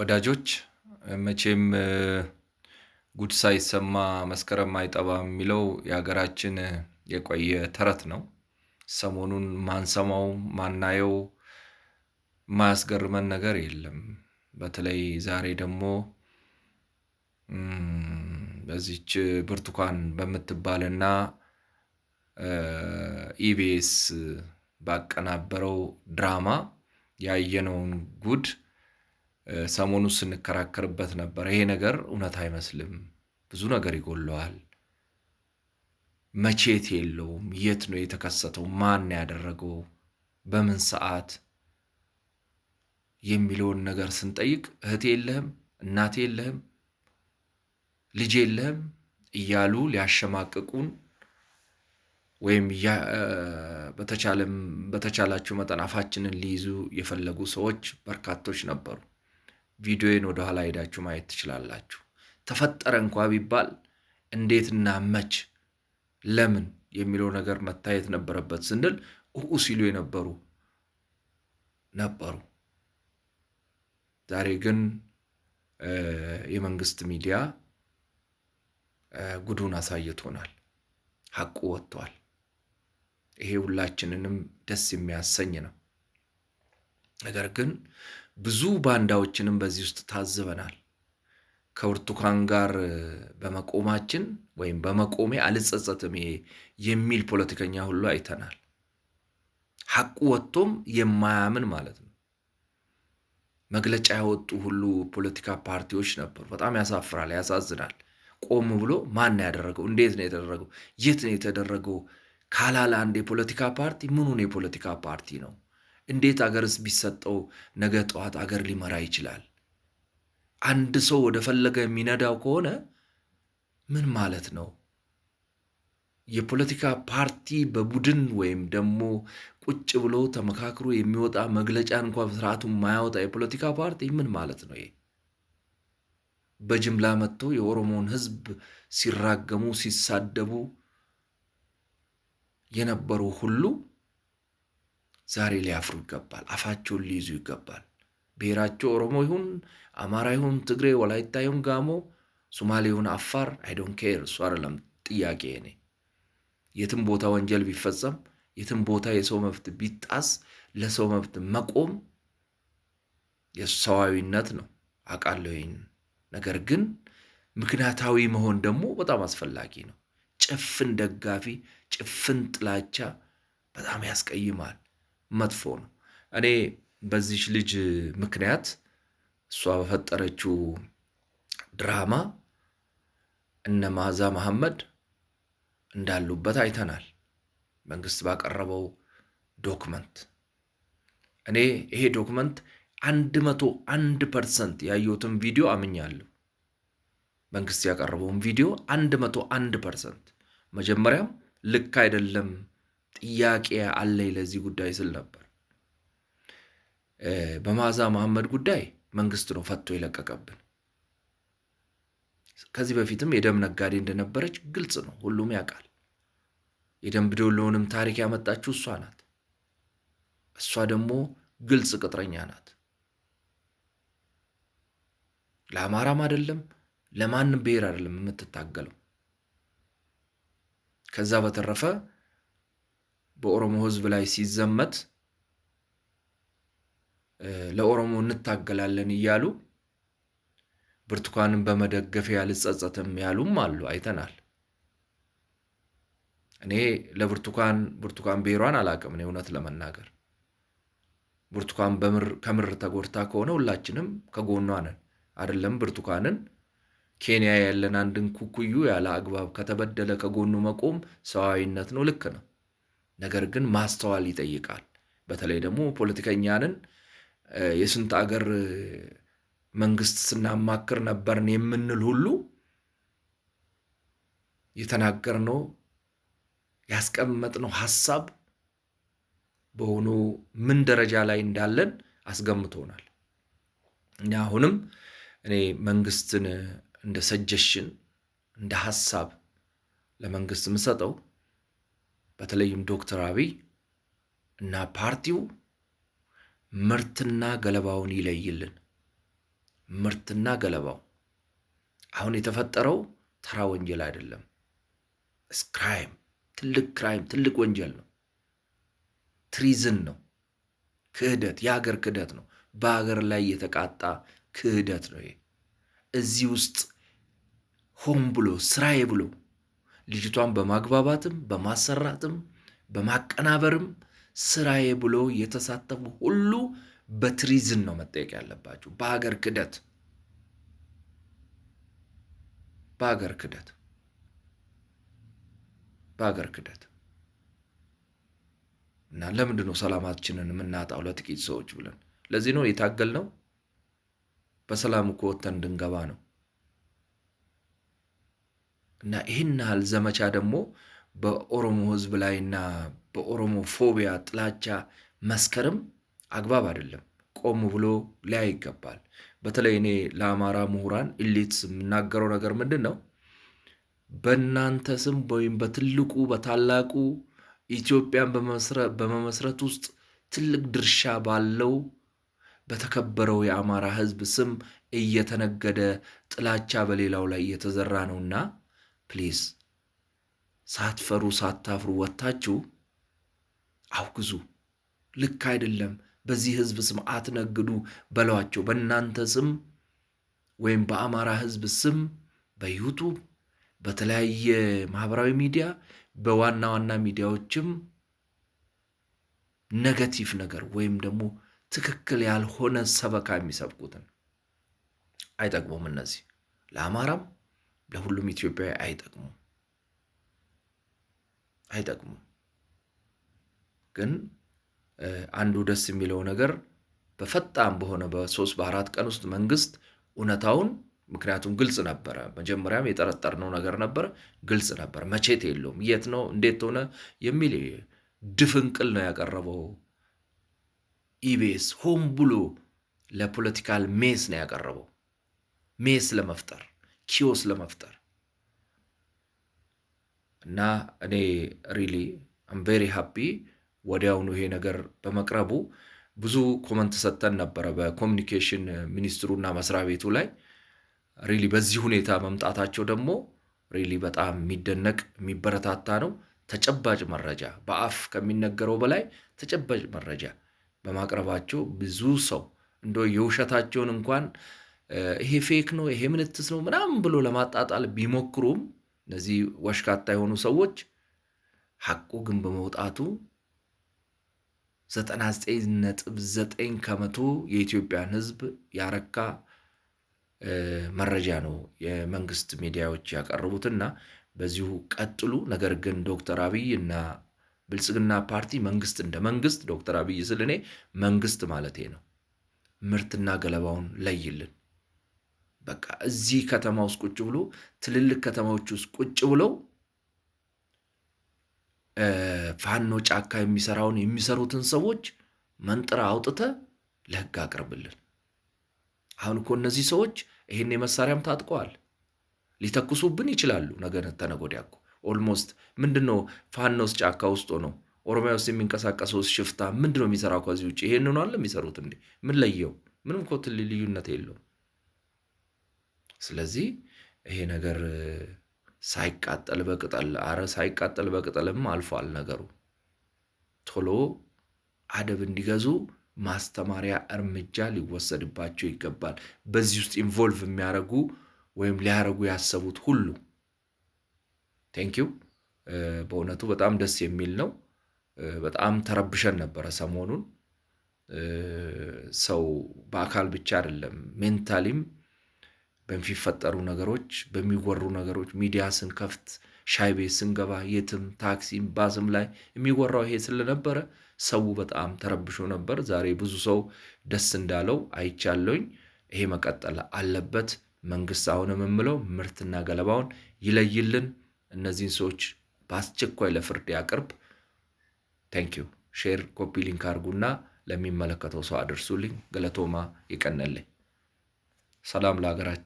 ወዳጆች መቼም ጉድ ሳይሰማ መስከረም አይጠባም የሚለው የሀገራችን የቆየ ተረት ነው። ሰሞኑን ማንሰማው ማናየው የማያስገርመን ነገር የለም። በተለይ ዛሬ ደግሞ በዚች ብርቱካን በምትባልና ኢቢኤስ ባቀናበረው ድራማ ያየነውን ጉድ ሰሞኑ ስንከራከርበት ነበር። ይሄ ነገር እውነት አይመስልም፣ ብዙ ነገር ይጎለዋል፣ መቼት የለውም፣ የት ነው የተከሰተው፣ ማን ያደረገው፣ በምን ሰዓት የሚለውን ነገር ስንጠይቅ እህት የለህም፣ እናት የለህም፣ ልጅ የለህም እያሉ ሊያሸማቅቁን ወይም በተቻላቸው መጠን አፋችንን ሊይዙ የፈለጉ ሰዎች በርካቶች ነበሩ። ቪዲዮን ወደኋላ ሄዳችሁ ማየት ትችላላችሁ። ተፈጠረ እንኳ ቢባል እንዴትና መች ለምን የሚለው ነገር መታየት ነበረበት ስንል ኡ ሲሉ የነበሩ ነበሩ። ዛሬ ግን የመንግስት ሚዲያ ጉዱን አሳይቶናል። ሐቁ ወጥቷል። ይሄ ሁላችንንም ደስ የሚያሰኝ ነው። ነገር ግን ብዙ ባንዳዎችንም በዚህ ውስጥ ታዝበናል። ከብርቱካን ጋር በመቆማችን ወይም በመቆሜ አልጸጸትም የሚል ፖለቲከኛ ሁሉ አይተናል። ሐቁ ወጥቶም የማያምን ማለት ነው። መግለጫ ያወጡ ሁሉ ፖለቲካ ፓርቲዎች ነበሩ። በጣም ያሳፍራል፣ ያሳዝናል። ቆም ብሎ ማን ነው ያደረገው? እንዴት ነው የተደረገው? የት ነው የተደረገው ካላለ አንድ የፖለቲካ ፓርቲ ምኑን የፖለቲካ ፓርቲ ነው? እንዴት አገርስ ቢሰጠው ነገ ጠዋት አገር ሊመራ ይችላል? አንድ ሰው ወደ ፈለገ የሚነዳው ከሆነ ምን ማለት ነው? የፖለቲካ ፓርቲ በቡድን ወይም ደግሞ ቁጭ ብሎ ተመካክሮ የሚወጣ መግለጫ እንኳ ስርዓቱ የማያወጣ የፖለቲካ ፓርቲ ምን ማለት ነው? በጅምላ መጥቶ የኦሮሞን ሕዝብ ሲራገሙ ሲሳደቡ የነበሩ ሁሉ ዛሬ ሊያፍሩ ይገባል። አፋቸውን ሊይዙ ይገባል። ብሔራቸው ኦሮሞ ይሁን አማራ ይሁን ትግሬ፣ ወላይታ ይሁን ጋሞ፣ ሶማሌ ይሁን አፋር አይዶን ኬር። እሱ አይደለም ጥያቄ እኔ የትም ቦታ ወንጀል ቢፈጸም የትም ቦታ የሰው መብት ቢጣስ ለሰው መብት መቆም የሰዋዊነት ነው አውቃለሁ። ነገር ግን ምክንያታዊ መሆን ደግሞ በጣም አስፈላጊ ነው። ጭፍን ደጋፊ፣ ጭፍን ጥላቻ በጣም ያስቀይማል። መጥፎ ነው። እኔ በዚች ልጅ ምክንያት እሷ በፈጠረችው ድራማ እነ መዓዛ መሐመድ እንዳሉበት አይተናል። መንግስት ባቀረበው ዶክመንት እኔ ይሄ ዶክመንት አንድ መቶ አንድ ፐርሰንት ያየሁትን ቪዲዮ አምኛለሁ። መንግስት ያቀረበውን ቪዲዮ አንድ መቶ አንድ ፐርሰንት መጀመሪያም ልክ አይደለም ጥያቄ አለኝ ለዚህ ጉዳይ ስል ነበር። በመዓዛ መሐመድ ጉዳይ መንግስት ነው ፈቶ የለቀቀብን። ከዚህ በፊትም የደም ነጋዴ እንደነበረች ግልጽ ነው፣ ሁሉም ያውቃል። የደም ቢዶሎውንም ታሪክ ያመጣችው እሷ ናት። እሷ ደግሞ ግልጽ ቅጥረኛ ናት። ለአማራም አይደለም ለማንም ብሔር አይደለም የምትታገለው። ከዛ በተረፈ በኦሮሞ ህዝብ ላይ ሲዘመት ለኦሮሞ እንታገላለን እያሉ ብርቱካንን በመደገፍ ያልጸጸትም ያሉም አሉ፣ አይተናል። እኔ ለብርቱካን ብርቱካን ብሔሯን አላቅም። እኔ እውነት ለመናገር ብርቱካን ከምር ተጎድታ ከሆነ ሁላችንም ከጎኗ ነን። አይደለም ብርቱካንን ኬንያ ያለን አንድን ኩኩዩ ያለ አግባብ ከተበደለ ከጎኑ መቆም ሰዋዊነት ነው። ልክ ነው። ነገር ግን ማስተዋል ይጠይቃል። በተለይ ደግሞ ፖለቲከኛንን የስንት አገር መንግስት ስናማክር ነበርን የምንል ሁሉ የተናገርነው ያስቀመጥነው ሀሳብ በሆኑ ምን ደረጃ ላይ እንዳለን አስገምቶናል። እና አሁንም እኔ መንግስትን እንደ ሰጀሽን እንደ ሀሳብ ለመንግስት የምሰጠው በተለይም ዶክተር አብይ እና ፓርቲው ምርትና ገለባውን ይለይልን። ምርትና ገለባው አሁን የተፈጠረው ተራ ወንጀል አይደለም። ክራይም፣ ትልቅ ክራይም፣ ትልቅ ወንጀል ነው። ትሪዝን ነው። ክህደት፣ የሀገር ክህደት ነው። በሀገር ላይ የተቃጣ ክህደት ነው። ይሄ እዚህ ውስጥ ሆን ብሎ ስራዬ ብሎ ልጅቷን በማግባባትም በማሰራትም በማቀናበርም ስራዬ ብሎ የተሳተፉ ሁሉ በትሪዝን ነው መጠየቅ ያለባቸው። በሀገር ክደት በሀገር ክደት በሀገር ክደት እና ለምንድን ነው ሰላማችንን የምናጣው? ለጥቂት ሰዎች ብለን ለዚህ ነው ነው? በሰላም እኮ ወጥተን እንድንገባ ነው። እና ይህን ያህል ዘመቻ ደግሞ በኦሮሞ ህዝብ ላይና በኦሮሞ ፎቢያ ጥላቻ መስከርም አግባብ አይደለም። ቆም ብሎ ሊያ ይገባል። በተለይ እኔ ለአማራ ምሁራን ኢሊትስ የምናገረው ነገር ምንድን ነው? በእናንተ ስም ወይም በትልቁ በታላቁ ኢትዮጵያን በመመስረት ውስጥ ትልቅ ድርሻ ባለው በተከበረው የአማራ ህዝብ ስም እየተነገደ ጥላቻ በሌላው ላይ እየተዘራ ነውና ፕሊዝ ሳትፈሩ ሳታፍሩ ወጥታችሁ አውግዙ። ልክ አይደለም፣ በዚህ ህዝብ ስም አትነግዱ በሏቸው። በእናንተ ስም ወይም በአማራ ህዝብ ስም በዩቱብ በተለያየ ማህበራዊ ሚዲያ በዋና ዋና ሚዲያዎችም ነገቲቭ ነገር ወይም ደግሞ ትክክል ያልሆነ ሰበካ የሚሰብኩትን አይጠቅሙም። እነዚህ ለአማራም ለሁሉም ኢትዮጵያዊ አይጠቅሙም አይጠቅሙ። ግን አንዱ ደስ የሚለው ነገር በፈጣን በሆነ በሶስት በአራት ቀን ውስጥ መንግስት እውነታውን ምክንያቱም ግልጽ ነበረ። መጀመሪያም የጠረጠርነው ነገር ነበር፣ ግልጽ ነበር። መቼት የለውም የት ነው እንዴት ሆነ የሚል ድፍንቅል ነው ያቀረበው። ኢቢኤስ ሆም ብሎ ለፖለቲካል ሜስ ነው ያቀረበው፣ ሜስ ለመፍጠር ኪዮስ ለመፍጠር እና እኔ ሪሊ አም ቬሪ ሃፒ ወዲያውኑ ይሄ ነገር በመቅረቡ ብዙ ኮመንት ሰጥተን ነበረ በኮሚኒኬሽን ሚኒስትሩና መስሪያ ቤቱ ላይ። ሪሊ በዚህ ሁኔታ መምጣታቸው ደግሞ ሪሊ በጣም የሚደነቅ የሚበረታታ ነው። ተጨባጭ መረጃ በአፍ ከሚነገረው በላይ ተጨባጭ መረጃ በማቅረባቸው ብዙ ሰው እንደ የውሸታቸውን እንኳን ይሄ ፌክ ነው፣ ይሄ ምንትስ ነው ምናምን ብሎ ለማጣጣል ቢሞክሩም እነዚህ ወሽካታ የሆኑ ሰዎች ሐቁ ግን በመውጣቱ 99.9 ከመቶ የኢትዮጵያን ሕዝብ ያረካ መረጃ ነው የመንግስት ሚዲያዎች ያቀረቡትና በዚሁ ቀጥሉ። ነገር ግን ዶክተር አብይ እና ብልጽግና ፓርቲ መንግስት እንደ መንግስት ዶክተር አብይ ስል እኔ መንግስት ማለቴ ነው፣ ምርትና ገለባውን ለይልን። በቃ እዚህ ከተማ ውስጥ ቁጭ ብሎ ትልልቅ ከተማዎች ውስጥ ቁጭ ብለው ፋኖ ጫካ የሚሰራውን የሚሰሩትን ሰዎች መንጥራ አውጥተ ለህግ አቅርብልን። አሁን እኮ እነዚህ ሰዎች ይህን የመሳሪያም ታጥቀዋል፣ ሊተኩሱብን ይችላሉ። ነገ ተነገ ወዲያ እኮ ኦልሞስት ምንድን ነው ፋኖስ ጫካ ውስጥ ነው ኦሮሚያ ውስጥ የሚንቀሳቀሰው ሽፍታ ምንድን ነው የሚሰራው ከዚህ ውጭ? ይሄን ሆኗል የሚሰሩት እንዴ? ምን ለየው? ምንም እኮ ትልቅ ልዩነት የለውም። ስለዚህ ይሄ ነገር ሳይቃጠል በቅጠል አረ ሳይቃጠል በቅጠልም አልፏል ነገሩ። ቶሎ አደብ እንዲገዙ ማስተማሪያ እርምጃ ሊወሰድባቸው ይገባል። በዚህ ውስጥ ኢንቮልቭ የሚያደርጉ ወይም ሊያደርጉ ያሰቡት ሁሉ ቴንኪው። በእውነቱ በጣም ደስ የሚል ነው። በጣም ተረብሸን ነበረ ሰሞኑን። ሰው በአካል ብቻ አይደለም ሜንታሊም በሚፈጠሩ ነገሮች፣ በሚወሩ ነገሮች ሚዲያ ስንከፍት ሻይ ቤት ስንገባ የትም ታክሲም ባስም ላይ የሚወራው ይሄ ስለነበረ ሰው በጣም ተረብሾ ነበር። ዛሬ ብዙ ሰው ደስ እንዳለው አይቻለኝ። ይሄ መቀጠል አለበት። መንግስት አሁንም የምለው ምርትና ገለባውን ይለይልን፣ እነዚህን ሰዎች በአስቸኳይ ለፍርድ ያቅርብ። ታንኪዩ። ሼር ኮፒ ሊንክ አድርጉና ለሚመለከተው ሰው አድርሱልኝ። ገለቶማ ይቀነልኝ። ሰላም ለሀገራችን።